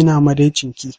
Ina madaicin ki?